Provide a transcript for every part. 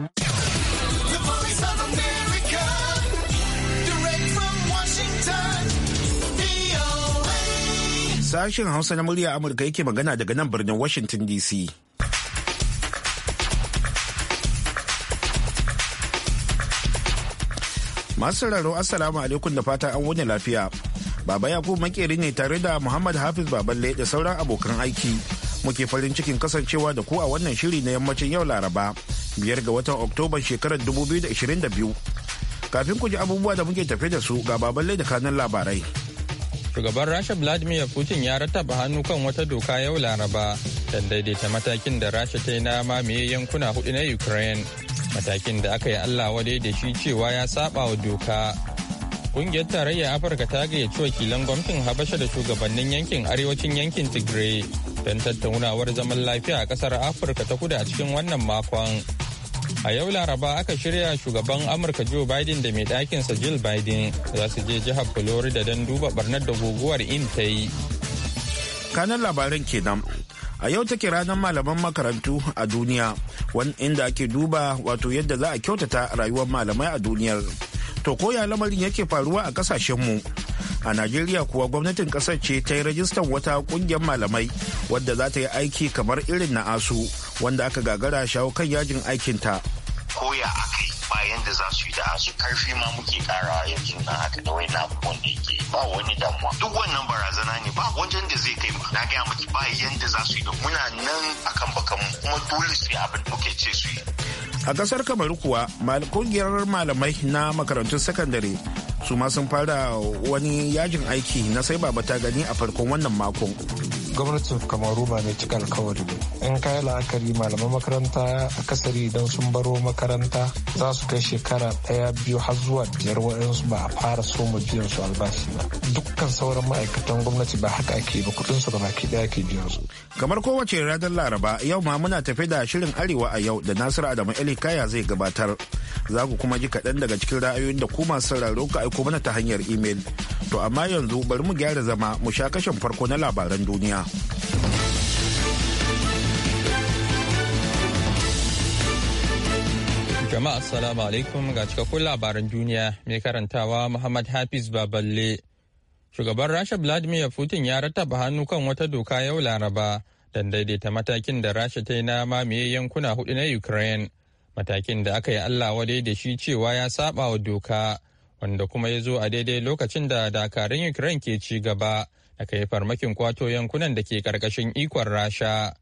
Sashen Hausa na murya Amurka yake magana daga nan birnin Washington DC. Masu raro Assalamu alaikum da fata an wuni lafiya. Baba Yakubu makeri ne tare da Muhammad Hafiz Baballe da sauran abokan aiki. Muke farin cikin kasancewa da ku a wannan shiri na yammacin yau Laraba. biyar ga watan oktoba shekarar 2022 kafin ku ji abubuwa da muke tafe da su ga baballe da kanan labarai shugaban rasha vladimir putin ya rattaba hannu kan wata doka yau laraba don daidaita matakin da rasha ta yi na mamaye yankuna hudu na ukraine matakin da aka yi allah wadai da shi cewa ya saba wa doka kungiyar tarayya afirka ta gayyaci wakilan gwamnatin habasha da shugabannin yankin arewacin yankin tigray don tattaunawar zaman lafiya a kasar afirka ta kudu a cikin wannan makon A yau Laraba aka shirya shugaban Amurka Joe Biden da mai ɗakinsa Jill Biden za su je jihar Florida don duba barnar da guguwar in ta yi. Kanan labaran kenan. A yau take ranar malaman makarantu a duniya, wani inda ake duba wato yadda za a kyautata rayuwar malamai a duniyar. To koya lamarin yake faruwa a kasashenmu. A Najeriya kuwa gwamnatin kasar ce ta yi rajistan wata kungiyar malamai wadda za ta yi aiki kamar irin na asu wanda aka gagara shawo kan yajin aikinta. ta. koya a kai bayan da za su yi da su karfi ma muke karawa yanzu na haka da wani abubuwan da yake ba wani damuwa duk wannan barazana ne ba wajen da zai kai ma na gaya maki ba yanda za su yi da muna nan akan bakan kuma dole su yi abin muke ce su yi a kasar kamaru kuwa kungiyar malamai na makarantun sakandare su ma sun fara wani yajin aiki na sai baba ta gani a farkon wannan makon gwamnatin kamaru ba mai cika alkawari in kayi la'akari malaman makaranta akasari idan sun baro makaranta za su kai shekara ɗaya biyu har zuwa biyar waɗansu ba a fara so mu biyan su albashi ba dukkan sauran ma'aikatan gwamnati ba haka ake ba kuɗin su gaba daya ake biyan su. kamar kowace ranar laraba yau ma muna tafe da shirin arewa a yau da nasiru adamu kaya zai gabatar za ku kuma ji kaɗan daga cikin ra'ayoyin da ku masu sauraro ka aiko mana ta hanyar imel to amma yanzu bari mu gyara zama mu sha kashin farko na labaran duniya. Jama'a Assalamu alaikum ga cikakkun labaran duniya mai karantawa Muhammad Hafiz Baballe. Shugaban Rasha Vladimir Putin ya rattaba hannu kan wata doka yau Laraba don daidaita matakin da Rasha ta yi na mamaye yankuna hudu na Ukraine. Matakin da aka yi Allah wa da shi cewa ya saba wa doka wanda kuma ya zo a daidai lokacin da dakarun Ukraine ke ci gaba a yi farmakin kwato yankunan da ke karkashin ikon rasha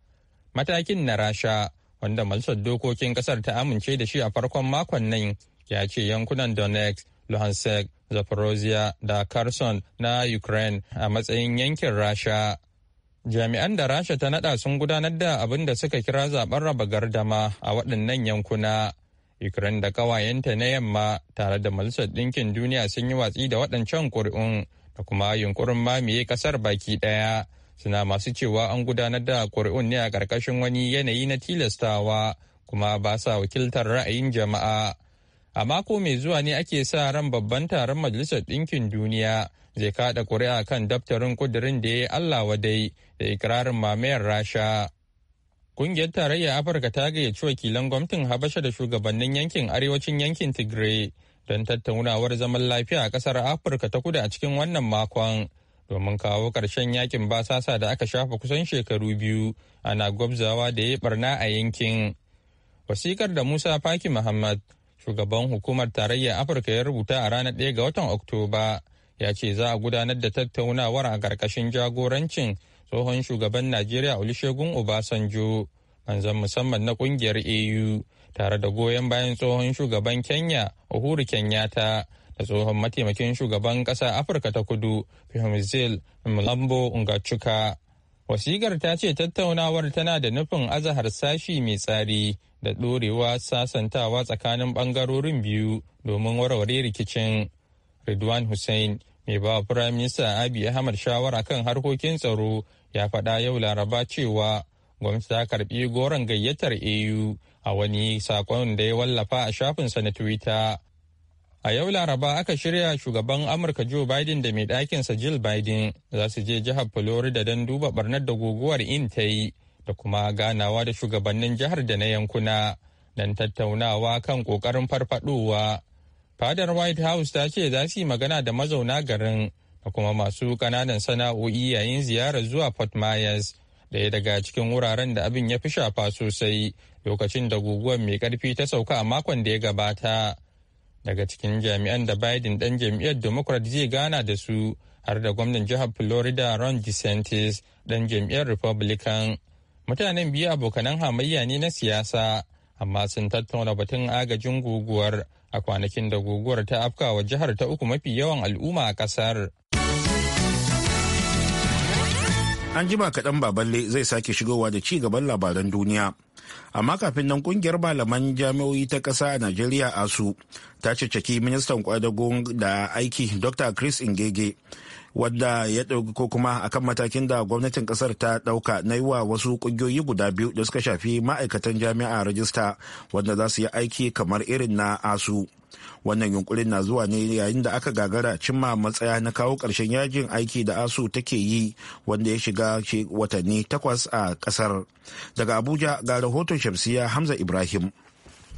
matakin na rasha wanda majalisar dokokin kasar ta amince da shi a farkon makon nan ya ce yankunan donetsk luhansk zaporozhia da kherson na ukraine a matsayin yankin rasha jami'an da rasha ta nada sun gudanar da abin da suka kira zaben raba gardama a waɗannan yankuna ukraine da ƙawayenta na yamma tare da majalisar ɗinkin duniya sun yi watsi da waɗancan ƙuri'un da kuma yunkurin mamaye kasar baki daya suna masu cewa an gudanar da ƙuri'un ne a ƙarƙashin wani yanayi na tilastawa kuma ba sa wakiltar ra'ayin jama'a a mako mai zuwa ne ake sa ran babban taron majalisar ɗinkin duniya zai kada ƙuri'a kan daftarin ƙudurin da ya yi allah wadai da ikirarin mamayar rasha Kungiyar Tarayyar Afirka ta gayyaci wakilan gwamnatin Habasha da shugabannin yankin arewacin yankin Tigray don tattaunawar zaman lafiya a ƙasar Afirka ta kudu a cikin wannan makon domin kawo ƙarshen yakin basasa da aka shafa kusan shekaru biyu ana gwabzawa da ya barna a yankin. Wasikar da Musa Faki Muhammad, shugaban hukumar tarayyar Afirka ya rubuta a ranar 1 ga watan Oktoba, ya ce za a gudanar da tattaunawar a ƙarƙashin jagorancin tsohon shugaban Najeriya Olusegun Obasanjo, manzan musamman na ƙungiyar AU tare da goyon bayan tsohon shugaban kenya uhuru kenyatta da tsohon mataimakin shugaban ƙasa afirka ta kudu fihimzil mlambo ngachuka wasigar ta ce tattaunawar tana da nufin azahar sashi mai tsari da ɗorewa sasantawa tsakanin ɓangarorin biyu domin warware rikicin ridwan hussein mai ba firayim minista abi ahmad shawara kan harkokin tsaro ya faɗa yau laraba cewa gwamnati ta karbi goron gayyatar au a wani sakon da ya wallafa a shafinsa na twitter a yau laraba aka shirya shugaban amurka joe biden da mai ɗakinsa jill biden za su je jihar florida don duba barnar da guguwar in ta yi da kuma ganawa da shugabannin jihar da na yankuna don tattaunawa kan ƙoƙarin farfadowa fadar white house ta ce za su yi magana da mazauna garin da kuma masu ƙananan sana'o'i yayin ziyarar zuwa fort myers ɗaya daga cikin wuraren da abin ya fi shafa sosai lokacin da guguwar mai ƙarfi ta sauka a makon da ya gabata daga cikin jami'an da biden ɗan jam'iyyar democrat zai gana da su har da gwamnan jihar florida ron desantis ɗan jam'iyyar republican mutanen biyu abokanan hamayya ne na siyasa amma sun tattauna batun agajin guguwar a kwanakin da guguwar ta afkawa jihar ta uku mafi yawan al'umma a ƙasar. An ba kaɗan baballe zai sake shigowa da ci gaban labaran duniya. Amma kafin nan kungiyar malaman jami'o'i ta ƙasa a Najeriya ASU ta ceceki ministan kwadagon da aiki Dr. Chris Ingege wadda ya ɗauki ko kuma akan matakin da gwamnatin ƙasar ta ɗauka na yi wa wasu ƙungiyoyi guda biyu da suka shafi ma'aikatan jami'a rajista wadda za su yi aiki kamar irin na asu wannan yunkurin na zuwa ne yayin da aka gagara cimma matsaya na kawo ƙarshen yajin aiki da asu take yi wanda ya shiga watanni takwas a ƙasar daga abuja ga rahoton shamsiya hamza ibrahim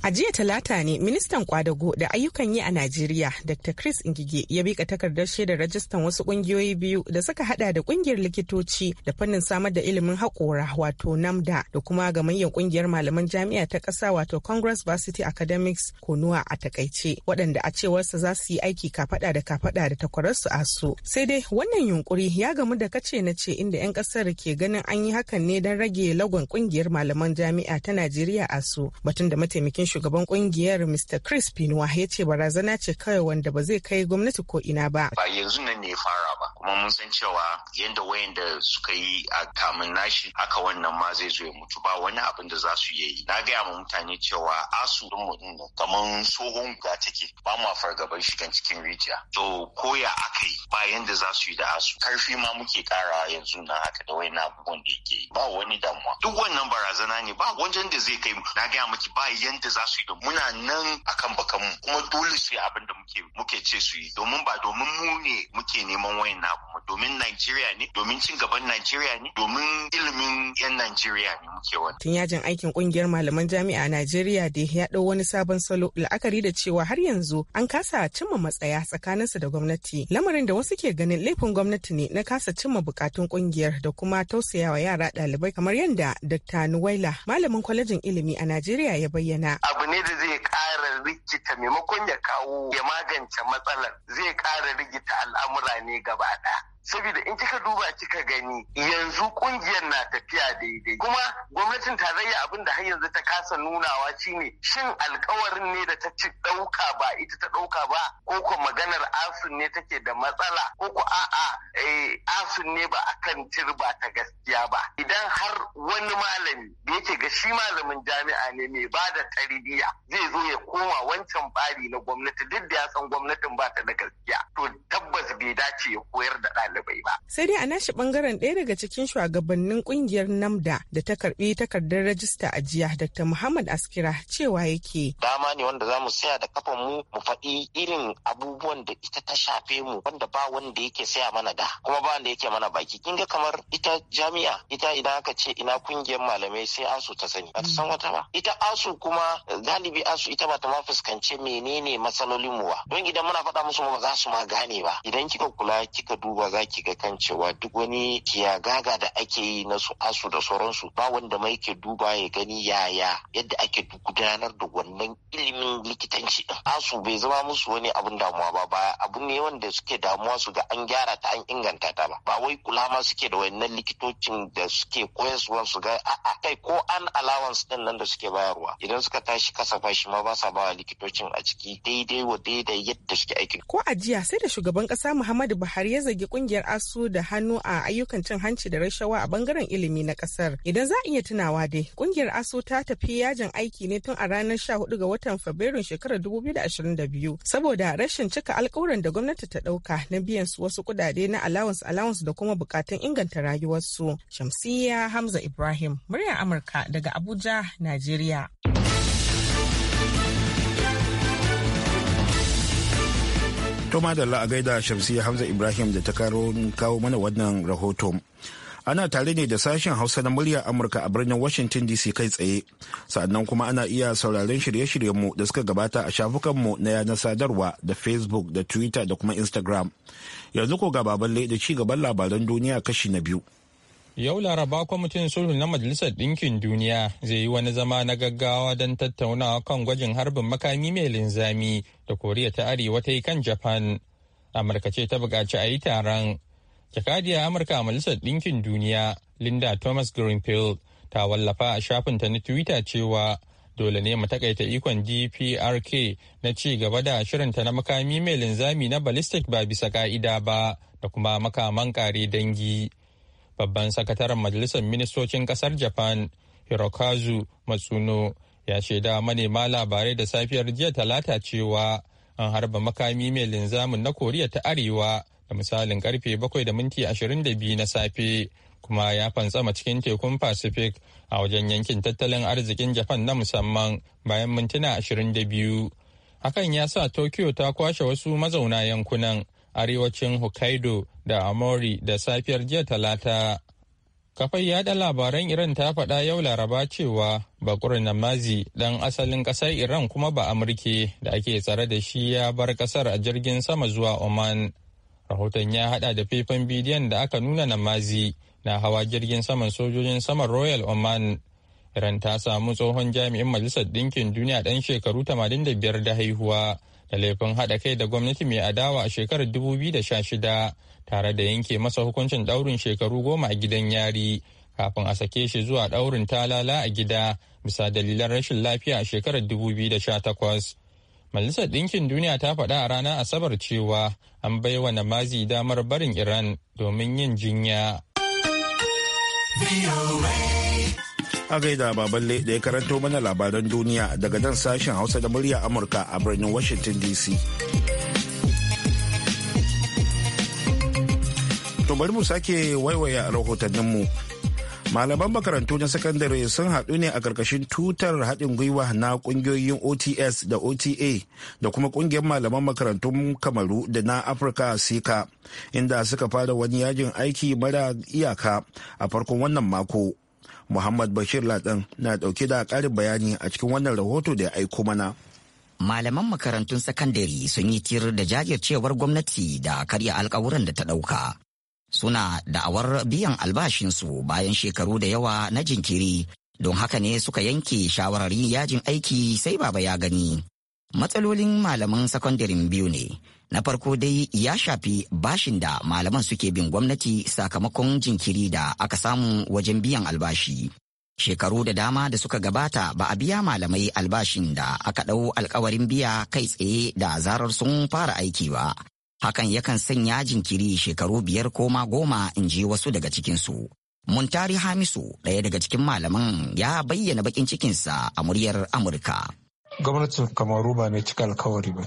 A jiya talata ne ministan kwadago da ayyukan yi a Najeriya Dr. Chris Ngige ya bika takardar shaidar rajistan wasu kungiyoyi biyu da suka hada da kungiyar likitoci da fannin samar da ilimin haƙora wato NAMDA da kuma ga gamayyar kungiyar malaman jami'a ta ƙasa wato Congress Varsity Academics Konuwa a takaice waɗanda a cewarsa za su yi aiki kafada da kafada da takwararsu a su. Sai dai wannan yunkuri ya gamu da kace na ce inda 'yan ƙasar ke ganin an yi hakan ne don rage lagon kungiyar malaman jami'a ta Najeriya a su batun da mataimakin shugaban kungiyar Mr. Crispin Pinwa ya ce barazana ce kawai wanda ba zai kai gwamnati ko ina ba. Ba yanzu nan ne fara ba kuma mun san cewa yadda wayanda suka yi a kamun nashi haka wannan ma zai zo ya mutu ba wani abin da za su yi. Na gaya ma mutane cewa asu din mu din kamar tsohon ga take ba mu fargabar shigan cikin rijiya. To koya aka yi ba yanda za su yi da asu. Karfi ma muke kara yanzu na haka da wayan abubuwan da yake yi ba wani damuwa. Duk wannan barazana ne ba wajen da zai kai na gaya miki ba yadda za su yi da muna nan akan bakan mu kuma dole su yi abin da muke muke ce su yi domin ba domin mu ne muke neman wayan na kuma domin Najeriya ne domin cin gaban Najeriya ne domin ilimin yan Najeriya ne muke wani. Tun yajin aikin kungiyar malaman jami'a a Najeriya da ya dau wani sabon salo la'akari da cewa har yanzu an kasa cimma matsaya tsakanin tsakaninsu da gwamnati lamarin da wasu ke ganin laifin gwamnati ne na kasa cimma bukatun kungiyar da kuma tausayawa yara ɗalibai kamar yadda Dr. Nuwaila malamin kwalejin ilimi a Najeriya ya bayyana. abu ne da zai ƙara rikita maimakon ya kawo ya magance matsalar zai ƙara rikita al'amura ne gaba ɗaya. saboda in kika duba kika gani yanzu kungiyar na tafiya daidai kuma gwamnatin tarayya abin da har yanzu ta kasa nunawa shine shin alkawarin ne da ta ci dauka ba ita ta dauka ba ko ko maganar asun ne take da matsala ko ko a'a eh, asun ne ba akan tirba ta gaskiya ba idan har wani malami da yake ga shi malamin jami'a ne mai ba da tarbiyya zai zo ya koma wancan bari na gwamnati duk da ya san gwamnatin ba ta da gaskiya to tabbas bai dace ya koyar da ɗalibai da bai ba. Sai dai a nashi bangaren ɗaya daga cikin shugabannin kungiyar NAMDA da ta karbi takardar rajista a jiya Dr. Muhammad Askira cewa yake. Dama ne wanda za mu saya da kafan mu mu faɗi irin abubuwan da ita ta shafe mu wanda ba wanda yake saya mana da kuma ba wanda yake mana baki. Kin ga kamar ita jami'a ita idan aka ce ina kungiyar malamai sai asu ta sani ba ta san wata ba. Ita asu kuma galibi asu ita ba ta ma fuskance menene matsalolin mu ba. Don idan muna faɗa musu ba za su ma gane ba. Idan kika kula kika duba za ki ga kan cewa duk wani kiyagaga da ake yi na su asu da sauransu ba wanda mai ke duba ya gani yaya yadda ake gudanar da wannan ilimin likitanci din asu bai zama musu wani abun damuwa ba ba abu ne wanda suke damuwa su ga an gyara ta an inganta ta ba ba wai kula ma suke da wannan likitocin da suke koyarwa su ga a'a kai ko an allowance din nan da suke bayarwa idan suka tashi kasafa shi ma ba sa ba likitocin a ciki daidai wa daidai yadda suke aiki ko a jiya sai da shugaban kasa Muhammadu Buhari ya zage kungiyar kungiyar asu da hannu a ayyukan cin hanci da rashawa a bangaren ilimi na kasar idan za a iya tunawa dai kungiyar asu ta tafi yajin aiki ne tun a ranar 14 ga watan Fabrairu shekarar 2022 saboda rashin cika alkawuran da gwamnati ta dauka na biyan su wasu kudade na allowance allowance da kuma bukatun inganta rayuwarsu shamsiya hamza ibrahim muryar amurka daga abuja najeriya To madalla a gaida Shamsiyya Hamza Ibrahim da ta karo kawo mana wannan rahoton. Ana tare ne da sashen Hausa na murya Amurka a birnin Washington DC kai tsaye. Sannan kuma ana iya sauraron shirye-shiryenmu da suka gabata a shafukanmu na yanar sadarwa da Facebook da Twitter da kuma Instagram. Yanzu ko ga baballe da ci gaban labaran duniya kashi na biyu. Yau Laraba kwamitin sulhu na Majalisar Ɗinkin Duniya zai yi wani zama na gaggawa don tattaunawa kan gwajin harbin makami mai linzami da Koriya ta Arewa ta yi kan Japan. Amurka ce ta buƙaci a yi taron. Jakadiyar Amurka a Majalisar Ɗinkin Duniya, Linda Thomas Greenfield, ta wallafa a shafinta na Twitter cewa dole ne mu takaita ikon DPRK na ci gaba da shirinta na makami mai linzami na ballistic ba bisa ka'ida ba da kuma makaman kare dangi. babban sakataren majalisar ministocin kasar japan hirokazu matsuno ya shaida manema labarai da safiyar jiya talata cewa an harba makami mai linzamin na koriya ta arewa da misalin karfe 7 da minti 22 na safe kuma ya fantsama cikin tekun pacific a wajen yankin tattalin arzikin japan na musamman bayan mintuna 22 hakan ya sa tokyo ta kwashe wasu mazauna yankunan arewacin Hokkaido da Amori da safiyar jiya talata. ya yada labaran Iran ta faɗa yau laraba cewa Bakur Namazi ɗan asalin ƙasar Iran kuma ba Amurke da ake tsare da shi ya bar ƙasar a jirgin sama zuwa Oman. Rahoton ya haɗa da faifan bidiyon da aka nuna Namazi na hawa jirgin saman sojojin saman Royal Oman. Iran ta samu tsohon jami'in Majalisar Ɗinkin Duniya ɗan shekaru 85 da haihuwa da laifin haɗa kai da gwamnati mai adawa a shekarar 2016 tare da yanke masa hukuncin ɗaurin shekaru goma a gidan yari kafin a sake shi zuwa ɗaurin talala a gida bisa dalilan rashin lafiya a shekarar 2018. Majalisar Ɗinkin Duniya ta faɗa a ranar Asabar cewa an bai wa Namazi damar barin Iran domin yin jinya. a gaida baballe da ya karanto mana labaran duniya daga nan sashen hausa da murya amurka a birnin washington dc to bari mu sake waiwaya rahotanninmu malaman makarantu na sakandare sun haɗu ne a ƙarƙashin tutar haɗin gwiwa na ƙungiyoyin ots da ota da kuma ƙungiyar malaman makarantun kamaru da na afirka sika inda suka fara wani yajin aiki mara iyaka a farkon wannan mako Muhammad Bashir Latsan na ɗauke da ƙarin bayani a cikin wannan rahoto da ya aiko mana. Malaman makarantun sakandare sun yi tir da jajircewar gwamnati da karya alkawuran da ta ɗauka. Suna da'awar biyan albashinsu bayan shekaru da yawa na jinkiri, don haka ne suka yanke shawarar yajin aiki sai baba ya gani. Matsalolin malaman sakandaren biyu ne. na farko dai ya shafi bashin da malaman suke bin gwamnati sakamakon jinkiri da aka samu wajen biyan albashi shekaru da dama da suka gabata ba a biya malamai albashin da aka ɗau alkawarin biya kai tsaye da zarar sun fara aiki ba hakan yakan sanya jinkiri shekaru biyar ko ma goma in ji wasu daga cikinsu muntari hamisu ɗaya daga cikin malaman ya bayyana baƙin cikinsa a muryar amurka gwamnatin kamaru ba mai cika alkawari ba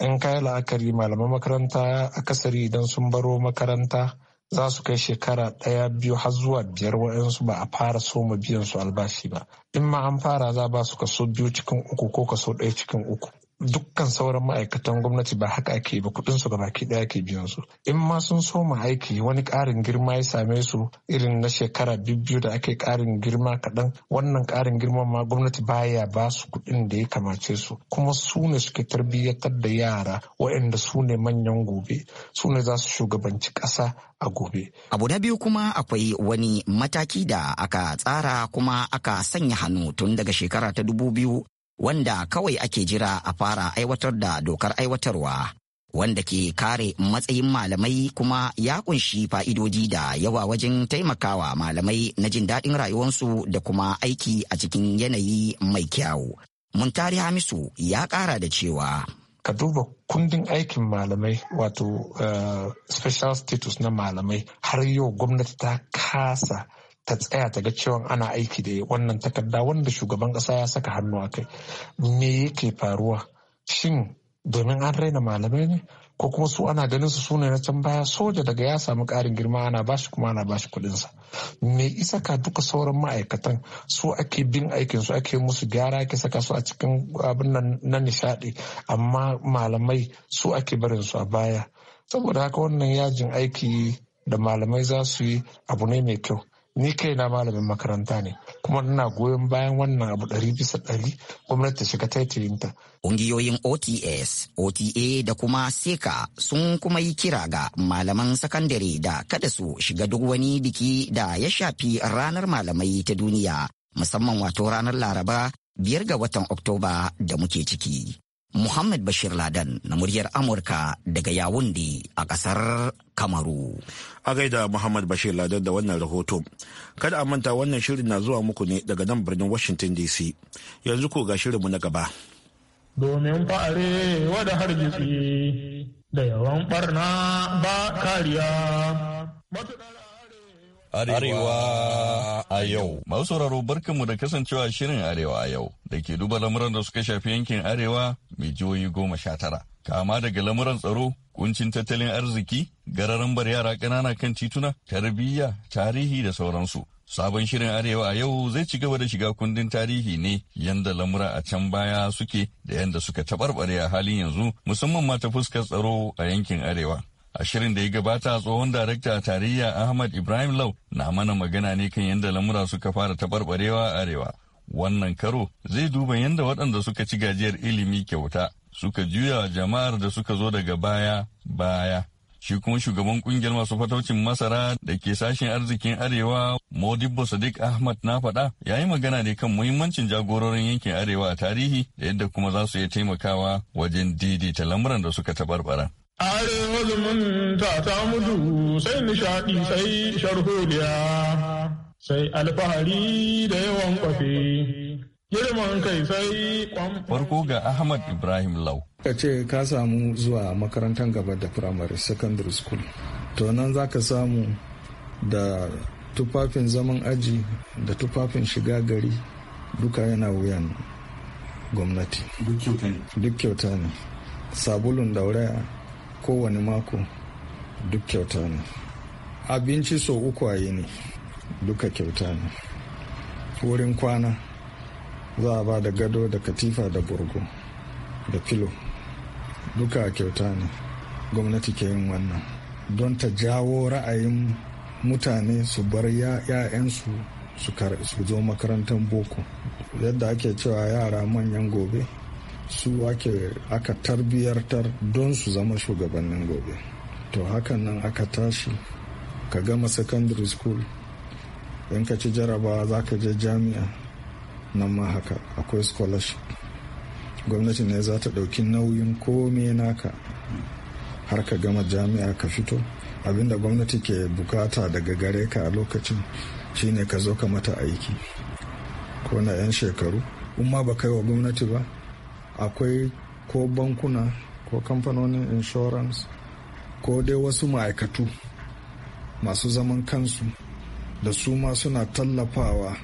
in kayan la'akari malaman makaranta akasari idan sun baro makaranta za su kai shekara ɗaya biyu har zuwa biyar waɗansu ba a fara soma biyan su albashi ba in ma an fara za ba su kaso biyu cikin uku ko kaso ɗaya cikin uku dukkan sauran ma'aikatan gwamnati ba haka ake ba kudin su baki ɗaya ke biyan su in ma sun soma aiki wani karin girma ya same su irin na shekara biyu da ake karin girma kaɗan wannan karin girma ma gwamnati baya ba su kudin da ya kamace su kuma su ne suke tarbiyyatar da yara waɗanda su ne manyan gobe su ne za su shugabanci ƙasa a gobe. Abu na biyu kuma akwai wani mataki da aka tsara kuma aka sanya hannu tun daga shekara ta dubu biyu wanda kawai ake jira a fara aiwatar da dokar aiwatarwa wanda ke kare matsayin malamai kuma ya kunshi fa'idodi da yawa wajen taimakawa malamai na jin daɗin rayuwarsu da kuma aiki a cikin yanayi mai kyau. Muntari Hamisu ya ƙara da cewa. Ka duba kundin aikin malamai wato eh, special status na malamai har yau gwamnati ta kasa ta tsaya ta ga cewa ana aiki da wannan takarda wanda shugaban kasa ya saka hannu a kai me yake faruwa shin domin an raina malamai ne ko kuma su ana ganin su sune na can baya soja daga ya samu karin girma ana bashi kuma ana bashi sa me isa ka duka sauran ma'aikatan su ake bin aikin su ake musu gyara ake saka su a cikin abin nan na nishadi amma malamai su ake barin su a baya saboda haka wannan yajin aiki da malamai za su yi abu ne mai kyau ni kaina malamin makaranta ne kuma ina goyon bayan wannan abu ɗari bisa ɗari gwamnati ta shiga taitayinta. Ƙungiyoyin OTS, OTA da kuma SECA sun kuma yi kira ga malaman sakandare da kada su shiga duk wani biki da ya shafi ranar malamai ta duniya musamman wato ranar Laraba biyar ga watan Oktoba da muke ciki. Muhammad Bashir Ladan na muryar Amurka daga Yawundi a kasar Kamaru. A gaida Muhammad Bashir Ladan da wannan rahoto. Kada a manta wannan shirin na zuwa muku ne daga nan birnin Washington DC. Yanzu ko ga shirinmu na gaba. Domin fa'are wada hargitsi da yawan barna ba kariya. Arewa a yau. Masu sauraro barkanmu da kasancewa shirin Arewa a yau da ke duba lamuran da suka shafi yankin Arewa mai jihohi goma sha tara. Kama daga lamuran tsaro, kuncin tattalin arziki, gararan bar yara ƙanana kan tituna, tarbiyya, tarihi da sauransu. Sabon shirin Arewa a yau zai ci gaba da shiga kundin tarihi ne yanda lamura a can baya suke da yanda suka taɓarɓare a halin yanzu musamman ma ta fuskar tsaro a yankin Arewa. A shirin da ya gabata tsohon darakta tarayya Ahmad Ibrahim Lau na mana magana ne kan yadda lamura suka fara taɓarɓarewa arewa. Wannan karo zai duba yadda waɗanda suka ci gajiyar ilimi kyauta suka juya jama'ar da suka zo daga baya baya. Shi kuma shugaban kungiyar masu fataucin masara da ke sashen arzikin arewa Modibo Sadiq Ahmad na faɗa ya yi magana ne kan muhimmancin jagororin yankin arewa a tarihi da yadda kuma za su iya taimakawa wajen daidaita lamuran da suka taɓarɓara. are zumunta ta mutu sai nishaɗi sai sharholiya sai alfahari da yawan kwafe girman kai sai farko ga ahmad ibrahim lau ka ce ka samu zuwa makarantar gaba da primary secondary school to nan za ka samu da tufafin zaman aji da tufafin shiga gari duka yana wuyan gwamnati duk kyauta ne sabulun dauraya kowane mako duk kyauta ne abinci so uku a yi ne duka kyauta ne wurin kwana za a ba da gado da katifa da burgo da filo duka kyauta ne gwamnati ke yin wannan don ta jawo ra'ayin mutane su bar 'ya'yansu su zo makarantar boko yadda ake cewa yara manyan gobe su wake aka tarbiyartar don su zama shugabannin gobe to hakan nan aka tashi ka gama secondary school in ka ci jarabawa za ka je jami'a nan ma haka akwai scholarship gwamnati ne za ta ɗauki nauyin kome naka har ka gama jami'a ka fito abinda gwamnati ke bukata daga gare ka a lokacin shine ka zo ka mata aiki ko na 'yan shekaru in ma ba kai wa gwamnati ba akwai ko bankuna ko kamfanonin insurance ko dai wasu ma'aikatu masu zaman kansu da su ma suna tallafawa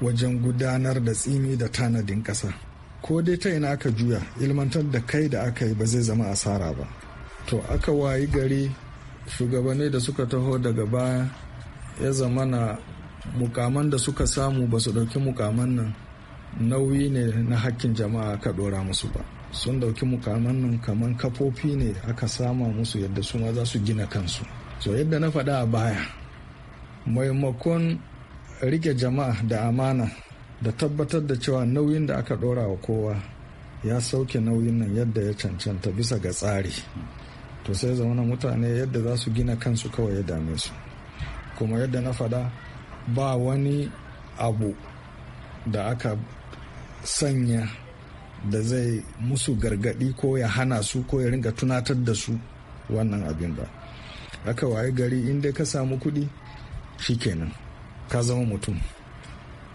wajen gudanar da tsimi da tanadin ƙasa ko dai ta ina aka juya ilmantar da kai da aka yi ba zai zama asara ba to aka wayi gari shugabanni da suka taho daga baya ya zamana mukaman da suka samu ba su ɗauki mukaman nan nauyi ne na hakkin jama'a aka dora musu ba sun dauki mukaman nan kaman kafofi ne aka sama musu yadda su ma za su gina kansu so yadda na faɗa a baya maimakon rike jama'a da amana da tabbatar da cewa nauyin da aka dora wa kowa ya sauke nauyin nan yadda ya cancanta bisa ga tsari to sai zamana mutane yadda za su gina kansu kawai ya dame su kuma yadda na faɗa ba wani abu da aka sanya da zai musu gargadi ko ya hana su ko ya ringa tunatar da su wannan abin ba aka waye gari inda ka samu kuɗi shikenan ka zama mutum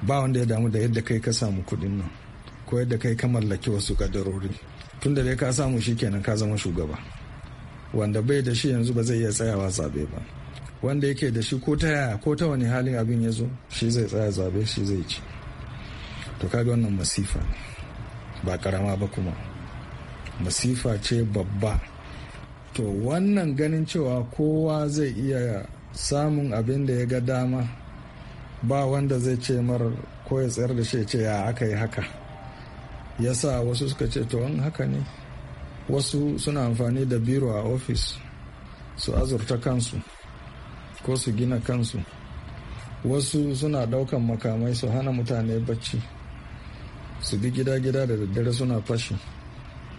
ba wanda ya damu da yadda kai ka samu kuɗin nan ko yadda kai ka mallaki wasu kadarori tun da dai ka samu shikenan ka zama shugaba wanda bai da shi yanzu ba zai iya tsayawa zabe ba wanda yake da shi ko ta yaya ko wani halin abin ya zo shi zai tsaya zabe shi zai ci to kaga wannan masifa ba karama ba kuma masifa ce babba to wannan ganin cewa kowa zai iya samun abin da ya ga dama ba wanda zai ce mar ko ya tsayar da shi ce ya aka yi haka ya sa wasu suka ce to an haka ne wasu suna amfani da biro a ofis su azurta kansu ko su gina kansu wasu suna ɗaukan makamai su hana mutane bacci su bi gida-gida da daddare suna fashi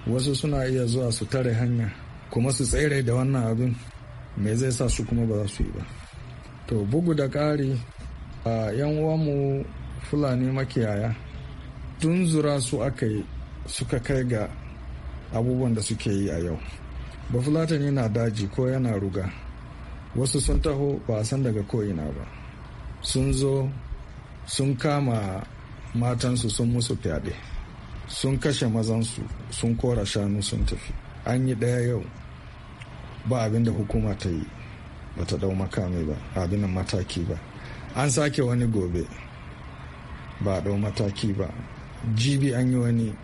wasu suna iya zuwa su tare hanya kuma su tsere da wannan abin me zai sa su kuma ba za su yi ba to bugu da ƙari a yan uwanmu fulani makiyaya tun zura su aka yi suka kai ga abubuwan da suke yi a yau ba fulatani na daji ko yana ruga wasu sun taho ba a san daga ko'ina ba sun zo sun kama matansu sun musu fyaɗe sun kashe mazansu sun kora shanu sun tafi an yi ɗaya yau ba abin da hukuma ta yi ba ta ɗau makami ba abin mataki ba an sake wani gobe ba a ɗau mataki ba jibi an yi wani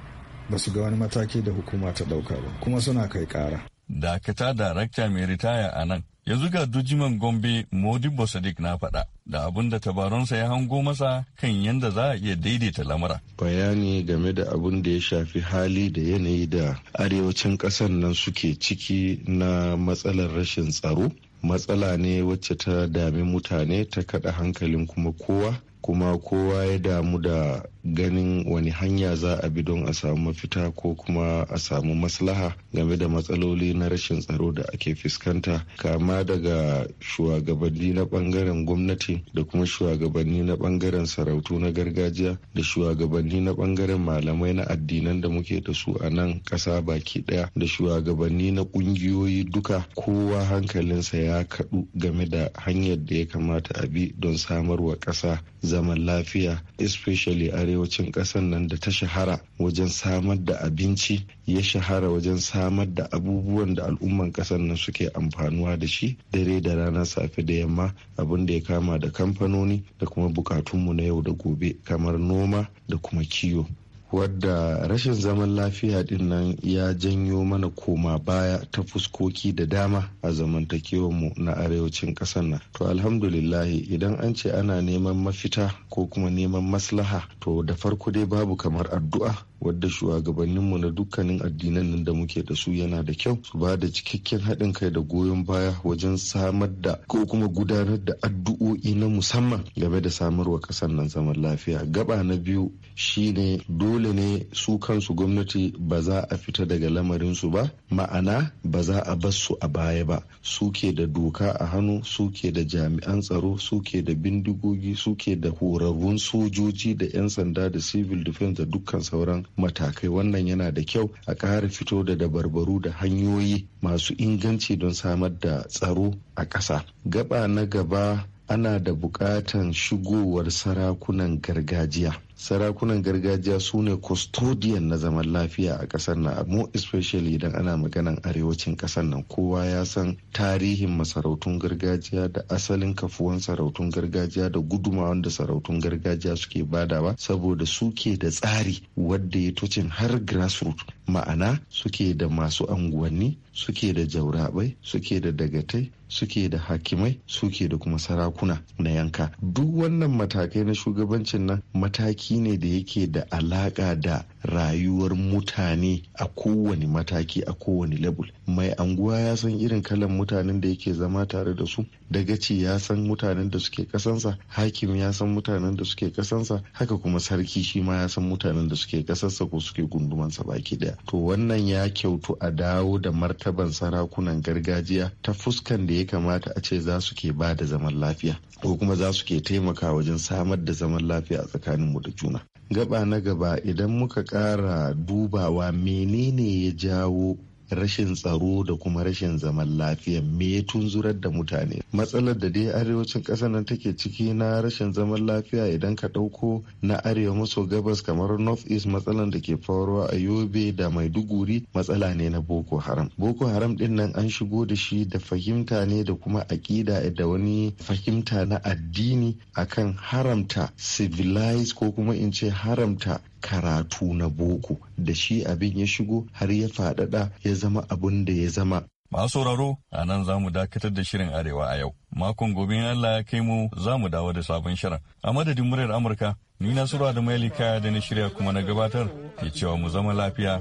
ba su ga wani mataki da hukuma ta ɗauka ba kuma suna kai ƙara dakata da darakta mai ritaya a nan yanzu ga dujiman gombe modibo sadiq na faɗa da abin da tabaronsa ya hango masa kan yadda za a iya daidaita lamura. bayani game da abun da ya shafi hali da yanayi da arewacin ƙasar nan suke ciki na matsalar rashin tsaro matsala ne wacce ta dami mutane ta kada hankalin kuma kowa kuma kowa ya damu da ganin wani hanya za a bi don a samu mafita ko kuma a samu maslaha game da matsaloli na rashin tsaro da ake fuskanta kama daga shugabanni na bangaren gwamnati da kuma shugabanni na bangaren sarautu na gargajiya da shugabanni na bangaren malamai na addinan da muke da su a nan kasa baki daya da shugabanni na kungiyoyi duka kowa hankalinsa ya kaɗu game da hanyar da ya kamata a bi don samarwa ƙasa zaman lafiya especially arewacin ƙasar nan da ta shahara wajen samar da abinci ya shahara wajen samar da abubuwan da al'umman ƙasar nan suke amfanuwa da shi dare da rana safe da yamma abin da ya kama da kamfanoni da kuma bukatunmu na yau da gobe kamar noma da kuma kiwo wadda rashin zaman lafiya din nan ya janyo mana koma baya ta fuskoki da dama a zamantakewanmu na arewacin ƙasar nan to alhamdulillahi idan an ce ana neman mafita ko kuma neman maslaha to da farko dai babu kamar addu'a wadda shugabanninmu na dukkanin addinan nan da muke da su yana da kyau su ba da cikakken haɗin kai da goyon baya wajen samar da ko kuma gudanar da addu'o'i na musamman game da samarwa ƙasar nan zaman lafiya gaba na biyu shine dole ne su kansu gwamnati ba za a fita daga lamarin su ba ma'ana ba za a bar su a baya ba suke da doka a hannu suke da jami'an tsaro suke da bindigogi suke da horarrun sojoji da 'yan sanda da civil defense da dukkan sauran matakai wannan yana da kyau a ƙara fito da dabarbaru da hanyoyi masu inganci don samar da tsaro a ƙasa gaba na gaba ana da buƙatan shigowar sarakunan gargajiya sarakunan gargajiya su ne custodian na zaman lafiya a ƙasar nan mo especially idan ana maganan arewacin ƙasar nan kowa ya san tarihin masarautun gargajiya da asalin kafuwan sarautun gargajiya da gudumawan da sarautun gargajiya suke badawa saboda suke da tsari wadda ya tucin har grassroot, ma'ana suke da masu anguwanni suke da jaurabai suke da dagatai suke da hakimai suke da kuma sarakuna na yanka duk wannan matakai na shugabancin nan mataki ne da yake da alaƙa da rayuwar mutane a kowane mataki a kowane level mai anguwa ya san irin kalan mutanen da yake zama tare da su dagaci ya san mutanen da suke kasansa hakim ya san mutanen da suke kasansa haka kuma sarki shi ma ya san mutanen da suke kasansa ko suke gundumansa baki daya to wannan ya kyautu a dawo da martaban sarakunan gargajiya ta fuskan da ya kamata a ce za su ke ba da zaman lafiya ko kuma za su ke taimaka wajen samar da zaman lafiya a tsakaninmu da juna gaba na gaba idan muka ƙara dubawa menene ya jawo rashin tsaro da kuma rashin zaman lafiya me ya tunzurar da mutane matsalar da dai arewacin ƙasar nan take ciki na rashin zaman lafiya idan ka ɗauko na arewa maso gabas kamar north east matsalar da ke faruwa a yobe da maiduguri matsala ne na boko haram boko haram din nan an shigo da shi da fahimta ne da kuma aƙida da wani fahimta na addini akan haramta civilized ko kuma in ce haramta karatu na boko da shi abin ya shigo har ya faɗaɗa ya zama abin da ya zama Masu sauraro a nan za mu dakatar da shirin Arewa a yau. Makon gobe Allah ya kai mu za mu dawo da sabon shirin. A madadin muryar Amurka, ni na surwa da maili kaya da na shirya kuma na gabatar ke cewa mu zama lafiya.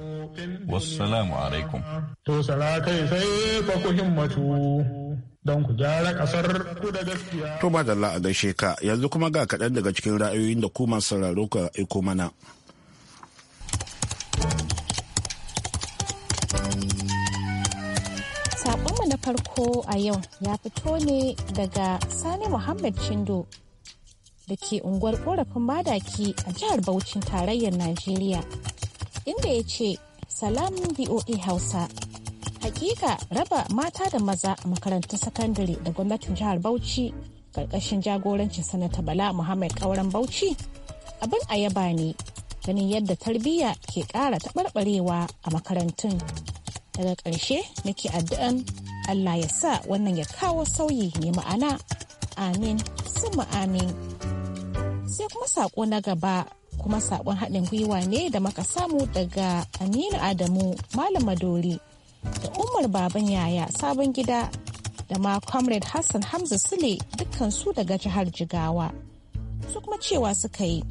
Wassalamu alaikum. To sara sai fa ku himmatu don ku gyara kasar ku da gaskiya. To madalla a gaishe ka yanzu kuma ga kaɗan daga cikin ra'ayoyin da kuma sauraro ka aiko mana. Saƙonmu na farko a yau ya fito ne daga Sani Muhammad Shindo da ke unguwar korafin madaki a jihar Bauchin tarayyar Najeriya inda ya ce Salam BOA Hausa. Hakika raba mata da maza a makarantar sakandare da gwamnatin jihar Bauchi karkashin jagorancin sanata Bala Muhammad Kauran Bauchi abin a yaba ne ganin yadda tarbiyya ke ƙara taɓarɓarewa a makarantun daga ƙarshe nake addu'an allah ya sa wannan ya kawo sauyi ne ma'ana amin sun amin sai kuma saƙo na gaba kuma saƙon haɗin gwiwa ne da maka samu daga aminu adamu malam madori da umar baban yaya sabon gida da ma comrade hassan hamza sule dukkan su daga jihar jigawa su kuma cewa suka yi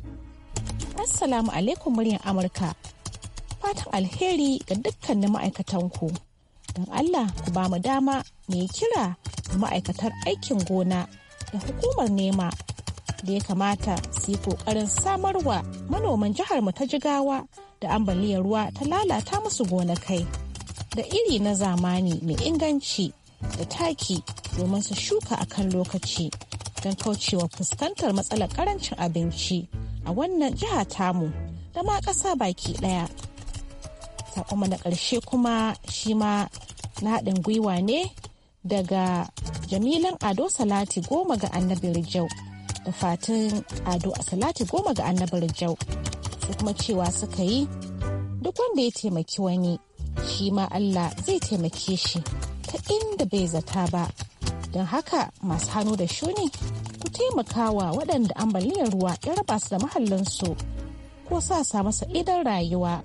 Assalamu alaikum muryar Amurka. Fatan alheri ga dukkanin ma'aikatanku. Don Allah ku ba mu dama mai kira da ma'aikatar aikin gona da hukumar nema da ya kamata su yi ƙoƙarin samarwa manoman jihar mu ta jigawa da ambaliyar ruwa ta lalata musu gona kai da iri na zamani mai inganci da taki domin su shuka a kan lokaci don kaucewa fuskantar matsalar karancin abinci a wannan jiha tamu da ma ƙasa baki ɗaya. sakoma na ƙarshe kuma shi ma na haɗin gwiwa ne daga jamilan ado salati goma ga annabi rijau da fatin ado a salati goma ga annabi rijau su kuma cewa suka yi duk wanda ya taimaki wani shi ma allah zai taimake shi ta inda bai zata ba don haka masu hannu da shuni ku taimakawa waɗanda ambaliyar ruwa ya raba su da mahallinsu ko sa sa masa idan rayuwa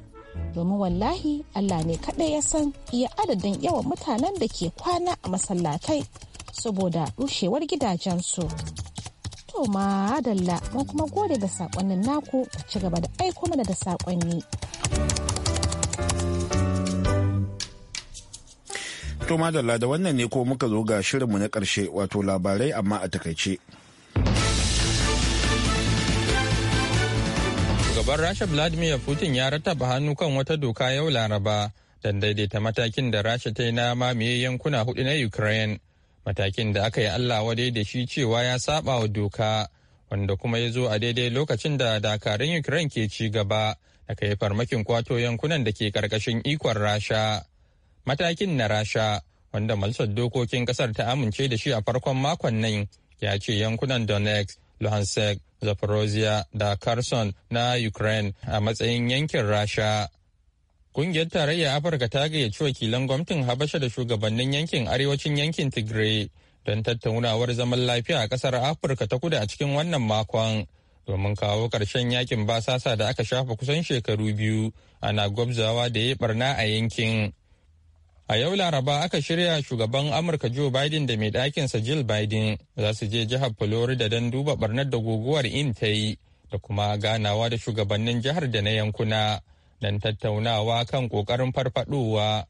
domin wallahi Allah ne kaɗai ya san iya adadin yawan mutanen da ke kwana a masallatai saboda rushewar gidajensu. To madalla mun kuma gode da saƙonnin naku ku ci gaba da aiko mana da saƙonni. To madalla da wannan ne ko muka zo ga shirinmu na ƙarshe wato labarai amma a takaice. Shugaban Rasha Vladimir Putin ya rattaba hannu kan wata doka yau Laraba don daidaita matakin da Rasha ta yi na mamaye yankuna hudu na Ukraine. Matakin da aka yi Allah wadai da shi cewa ya saba wa doka, wanda kuma ya zo a daidai lokacin da dakarun Ukraine ke ci gaba da kai farmakin kwato yankunan da ke karkashin ikon Rasha. Matakin na Rasha, wanda Malsar Dokokin Kasar ta amince da shi a farkon makon nan, ya ce yankunan Donetsk Luhansk, Zaporozhia da Kherson na Ukraine a matsayin yankin Rasha. Kungiyar tarayya Afirka ta gayyaci wakilan gwamnatin Habasha da shugabannin yankin arewacin yankin Tigray don tattaunawar zaman lafiya a ƙasar Afirka ta kudu a cikin wannan makon domin kawo ƙarshen yakin basasa da aka shafa kusan shekaru biyu ana gwabzawa da ya barna a yankin. A yau Laraba aka shirya shugaban Amurka Joe Biden da mai ɗakinsa Jill Biden za su je jihar Florida don duba barnar da guguwar in ta yi da kuma ganawa da shugabannin jihar da na yankuna don tattaunawa kan ƙoƙarin farfaɗowa.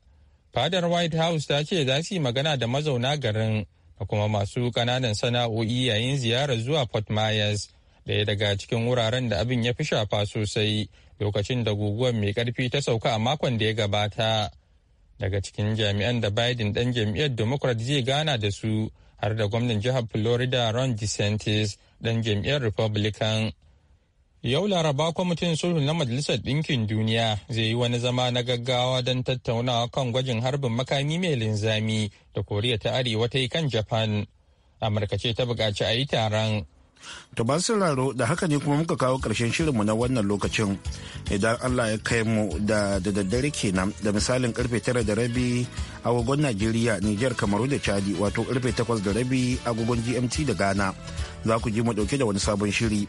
Fadar White House ta ce za su yi magana da mazauna garin da kuma masu ƙananan sana'o'i yayin ziyarar zuwa Fort Myers ɗaya daga cikin wuraren da abin ya fi shafa sosai lokacin da guguwar mai ƙarfi ta sauka a makon da ya gabata. daga cikin jami'an da biden ɗan jam'iyyar democrat zai gana da su har da gwamnan jihar florida ron desantis ɗan jam'iyyar republican Yau Laraba kwamitin sulhu na Majalisar Ɗinkin Duniya zai yi wani zama na gaggawa don tattaunawa kan gwajin harbin makami mai linzami da Koriya ta Arewa ta yi kan Japan. Amurka ce ta buƙaci a yi taron To ba sauraro da haka ne kuma muka kawo ƙarshen shirinmu na wannan lokacin idan Allah ya kai mu da daddare kenan da misalin karfe tara da rabi agogon Najeriya, Nijar, Kamaru da Chadi wato karfe takwas da rabi agogon GMT da Ghana. Za ku ji mu dauke da wani sabon shiri.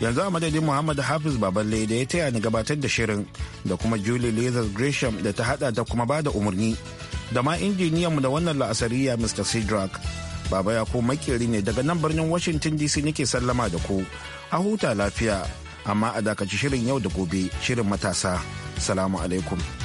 Yanzu a madadin Muhammad Hafiz Baballe da ya taya ni gabatar da shirin da kuma Julie Lazar Gresham da ta hada da kuma bada umarni. Da ma injiniyanmu da wannan la'asariya Mr. Sidrak. Baba ya ko makeri ne daga nan birnin Washington DC nake sallama da ku. A huta lafiya, amma a dakaci shirin yau da gobe, shirin matasa. Salamu alaikum.